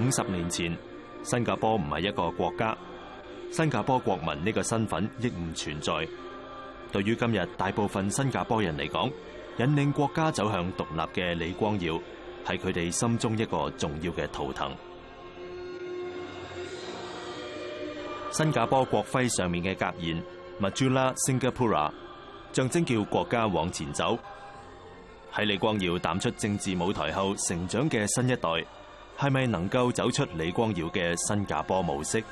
五十年前，新加坡唔係一個國家，新加坡國民呢個身份亦唔存在。對於今日大部分新加坡人嚟講，引領國家走向獨立嘅李光耀係佢哋心中一個重要嘅圖騰。新加坡國徽上面嘅格言「Majulah Singapura」象徵叫國家往前走。喺李光耀淡出政治舞台後，成長嘅新一代。係咪能夠走出李光耀嘅新加坡模式？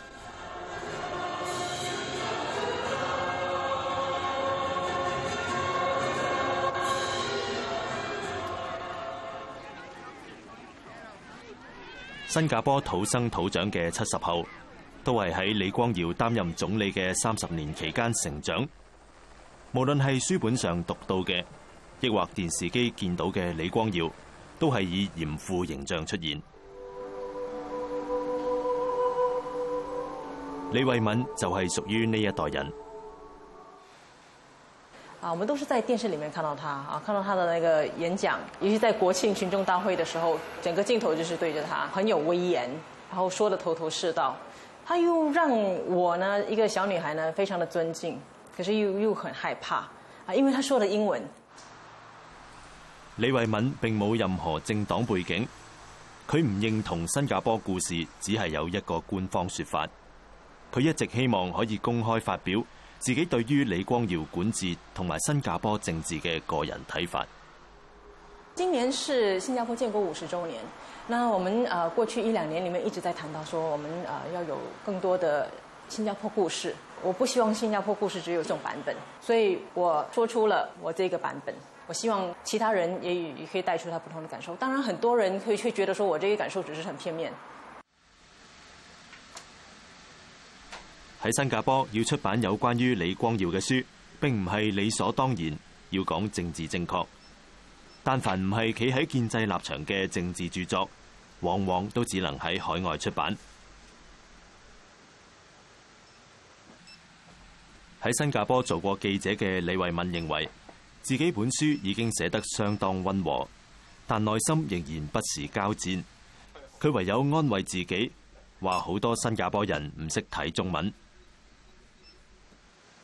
新加坡土生土長嘅七十後，都係喺李光耀擔任總理嘅三十年期間成長。無論係書本上讀到嘅，抑或電視機見到嘅李光耀，都係以嚴父形象出現。李慧敏就係屬於呢一代人啊！我們都是在電視裏面看到他啊，看到他的那個演講，尤其在國慶群眾大會的時候，整個鏡頭就是對着他，很有威嚴，然後說得頭頭是道。他又讓我呢一個小女孩呢，非常的尊敬，可是又又很害怕啊，因為他說的英文。李慧敏並冇任何政黨背景，佢唔認同新加坡故事，只係有一個官方說法。佢一直希望可以公開發表自己對於李光耀管治同埋新加坡政治嘅個人睇法。今年是新加坡建國五十週年，那我們啊過去一兩年裏面一直在談到，說我們啊要有更多的新加坡故事。我不希望新加坡故事只有這種版本，所以我說出了我這個版本。我希望其他人也也可以帶出他不同的感受。當然很多人會去覺得，說我這個感受只是很片面。喺新加坡要出版有關於李光耀嘅書，並唔係理所當然。要講政治正確，但凡唔係企喺建制立場嘅政治著作，往往都只能喺海外出版。喺新加坡做過記者嘅李慧敏認為，自己本書已經寫得相當溫和，但內心仍然不時交戰。佢唯有安慰自己，話好多新加坡人唔識睇中文。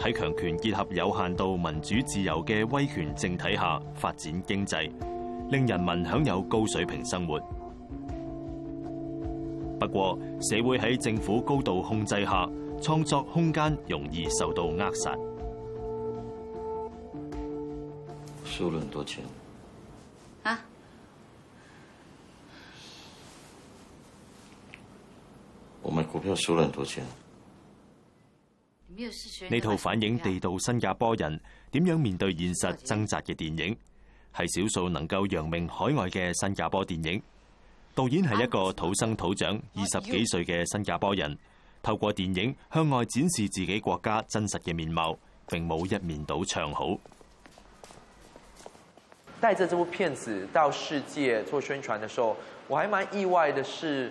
喺強權結合有限度民主自由嘅威權政體下發展經濟，令人民享有高水平生活。不過，社會喺政府高度控制下，創作空間容易受到扼殺。輸了很多錢，我買股票輸了很多錢。啊呢套反映地道新加坡人點樣面對現實掙扎嘅電影，係少數能夠揚名海外嘅新加坡電影。導演係一個土生土長二十幾歲嘅新加坡人，透過電影向外展示自己國家真實嘅面貌，並冇一面倒唱好。帶着這部片子到世界做宣傳嘅時候，我還蠻意外嘅是。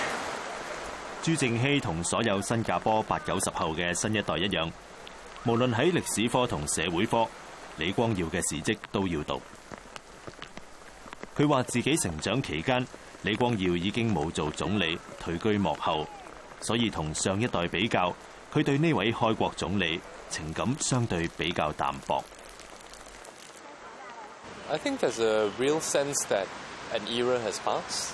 朱正熙同所有新加坡八九十後嘅新一代一樣，無論喺歷史科同社會科，李光耀嘅事蹟都要讀。佢話自己成長期間，李光耀已經冇做總理，退居幕後，所以同上一代比較，佢對呢位開國總理情感相對比較淡薄。I think there's a real sense that an era has passed.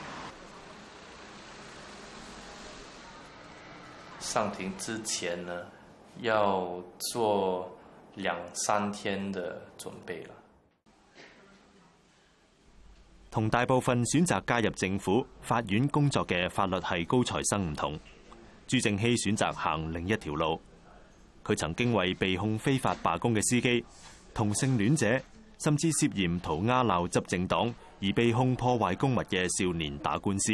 上庭之前呢，要做兩三天的準備啦。同大部分選擇加入政府法院工作嘅法律系高材生唔同，朱正熙選擇行另一條路。佢曾經為被控非法罷工嘅司機、同性戀者，甚至涉嫌塗鴉鬧執政黨而被控破壞公物嘅少年打官司。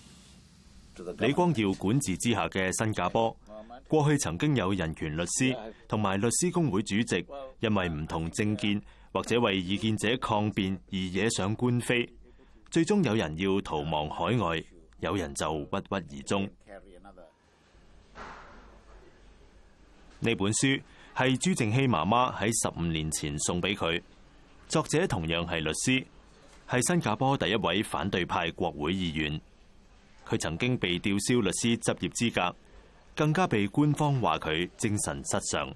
李光耀管治之下嘅新加坡，過去曾經有人權律師同埋律師公會主席，因為唔同政見或者為異見者抗辯而惹上官非，最終有人要逃亡海外，有人就鬱鬱而終。呢本書係朱正熙媽媽喺十五年前送俾佢，作者同樣係律師，係新加坡第一位反對派國會議員。佢曾經被吊銷律師執業資格，更加被官方話佢精神失常。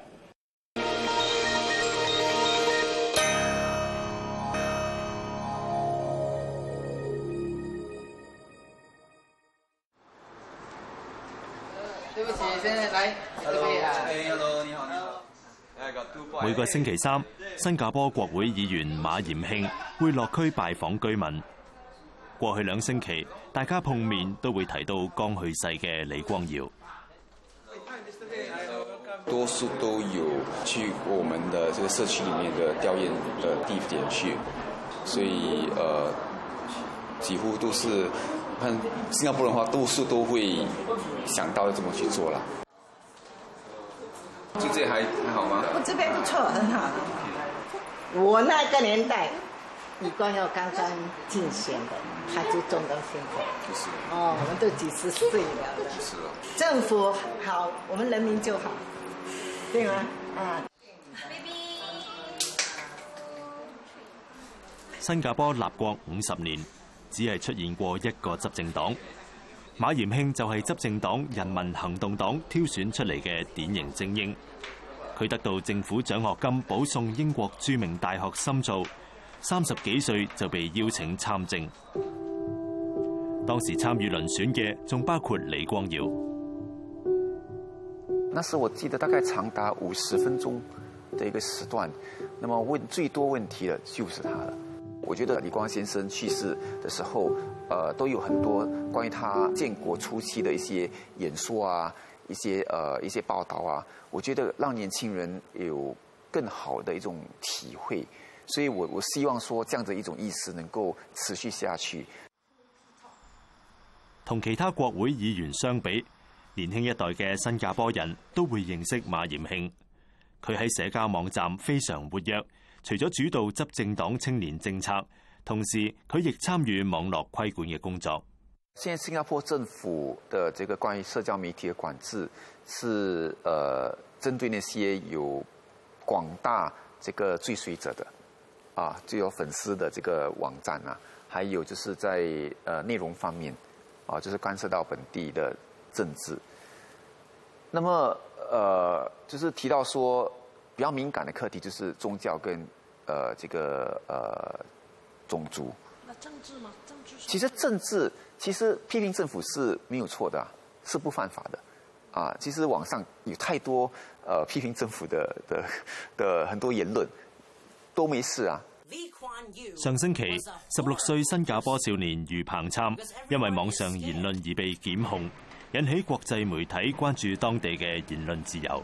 個星期三，新加坡國會議員馬炎慶會落區拜訪居民。過去兩星期，大家碰面都會提到剛去世嘅李光耀。多數都有去我們的這個社區裏面的弔唁的地點去，所以，呃，幾乎都是，看新加坡的話，多數都會想到要怎麼去做啦。我這還好嗎？我這邊不錯很好。我那個年代，李光耀剛剛進行的，他就總統選的，哦，我們都幾十歲了，了政府好，我們人民就好，對嗎？啊、嗯。嗯、新加坡立國五十年，只係出現過一個執政黨。馬延慶就係執政黨人民行動黨挑選出嚟嘅典型精英，佢得到政府獎學金，保送英國著名大學深造，三十幾歲就被邀請參政。當時參與遴選嘅仲包括李光耀。那時我記得大概長達五十分鐘嘅一個時段，那麼問最多問題嘅就是他了。我覺得李光先生去世嘅時候，呃，都有很多關於他建國初期的一些演說啊，一些呃一些報道啊。我覺得讓年輕人有更好的一種體會，所以我我希望說這樣的一種意識能夠持續下去。同其他國會議員相比，年輕一代嘅新加坡人都會認識馬炎慶，佢喺社交網站非常活躍。除咗主導執政黨青年政策，同時佢亦參與網絡規管嘅工作。現在新加坡政府的這個關於社交媒體嘅管制是，是呃針對那些有廣大這個追隨者的啊，最有粉絲的這個網站啊，還有就是在呃內容方面，啊就是干涉到本地的政治。那麼呃就是提到說。比較敏感的課題就是宗教跟，呃，這個呃種族。那政治嗎？政治？其實政治，其實批評政府是沒有錯的，是不犯法的，啊，其實網上有太多，呃，批評政府的的的很多言論，都沒事啊。上星期，十六歲新加坡少年余澎杉因為網上言論而被檢控，引起國際媒體關注當地嘅言論自由。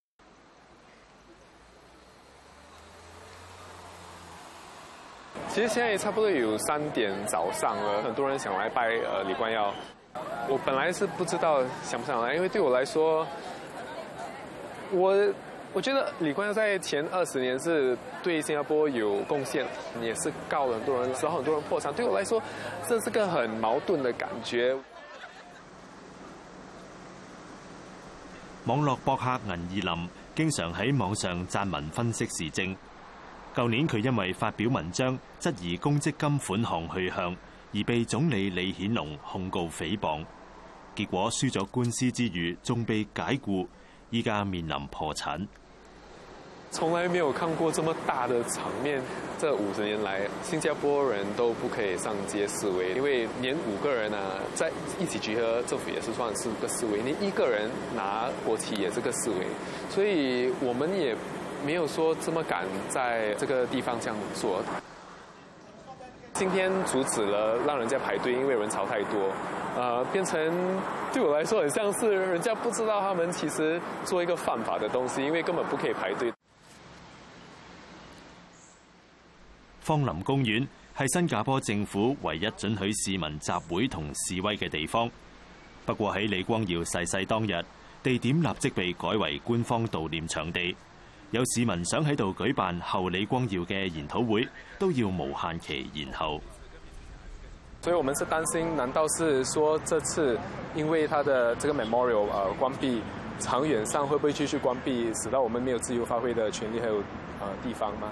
其實現在也差不多有三點早上了，很多人想來拜呃李光耀。我本來是不知道想不想來，因為對我來說，我我覺得李光耀在前二十年是對新加坡有貢獻，也是告了很多人，使很多人破產。對我來說，這是一個很矛盾的感覺。網絡博客鄞義林經常喺網上撰文分析時政。舊年佢因為發表文章質疑公積金款項去向，而被總理李顯龍控告誹謗，結果輸咗官司之餘，仲被解雇，依家面臨破產。從來沒有看過這麼大的場面，這五十年來新加坡人都不可以上街示威，因為連五個人啊在一起集合，政府也是算是個示威，你一個人拿國旗也是個示威，所以我們也。沒有說這麼敢，在這個地方這樣做。今天阻止了，讓人家排隊，因為人潮太多、呃，啊，變成對我來說，很像是人家不知道，他們其實做一個犯法的東西，因為根本不可以排隊。芳林公園係新加坡政府唯一准許市民集會同示威嘅地方。不過喺李光耀逝世當日，地點立即被改為官方悼念場地。有市民想喺度舉辦後李光耀嘅研討會，都要無限期延後。所以我們是擔心，難道是說這次因為他的這個 memorial 啊關閉，長遠上會不會繼續關閉，使到我們沒有自由發揮的權利，還有地方嗎？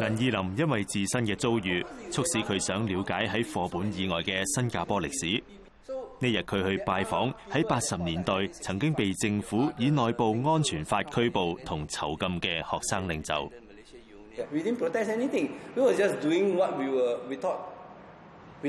林義林因為自身嘅遭遇，促使佢想了解喺課本以外嘅新加坡歷史。呢日佢去拜訪喺八十年代曾經被政府以內部安全法拘捕同囚禁嘅學生領袖。We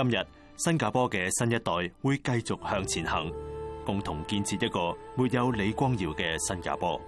今日新加坡嘅新一代會繼續向前行，共同建設一個沒有李光耀嘅新加坡。